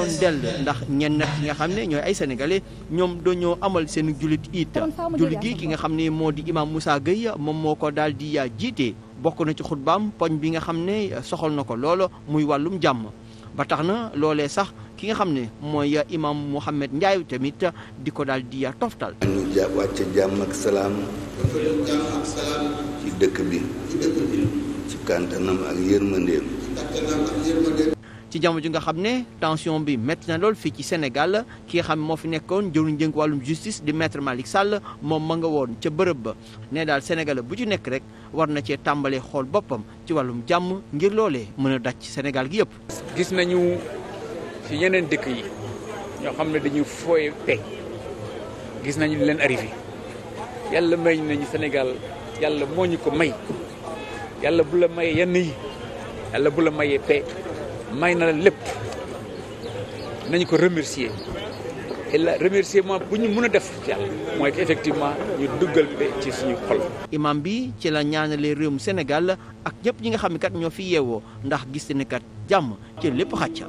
feesoon dell ndax ñenn ki nga xam ne ñooy ay sénégalais ñoom dañoo amal seen jullit it jullit gi ki nga xam ne moo di imam Moussa Gueye moom moo ko daal di yaa jiite bokk na ci xutbaam poñ bi nga xam ne soxal na ko loolu muy wàllum jàmm ba tax na loolee sax ki nga xam ne mooy imam Mouhamed Ndiaye tamit di ko daal di yaa toftal. ñu ja wàcce jàmm ak salaam. ci dëkk bi. ci dëkk ak yërmandeem. ci jamono ji nga xam ne tension bi métti na lool fii ci Sénégal ki nga xam ne moo fi nekkoon jëwriñ jënk wàllum justice di maître Malick Sall moom ma nga woon ca bërëb ba ne daal Sénégal bu ci nekk rek war na cee tàmbalee xool boppam ci wàllum jàmm ngir loolee mën a daj ci Sénégal gi yëpp. gis nañu ci yeneen dëkk yi ñoo xam ne dañuy fooye tey gis nañu leen arrivé yàlla may nañu Sénégal yàlla moo ñu ko may yàlla bu la mayee yenn yi yàlla bu la may paix may na la lépp nañ ko remercier et la remerciement bu ñu mën a def ci yàlla mooy que effectivement ñu duggal be ci suñu xol. imam bi ci la ñaanalee réewum Sénégal ak ñëpp ñi nga xam ne ñoo fi yeewoo ndax gis kat jàmm ci lépp xàcc.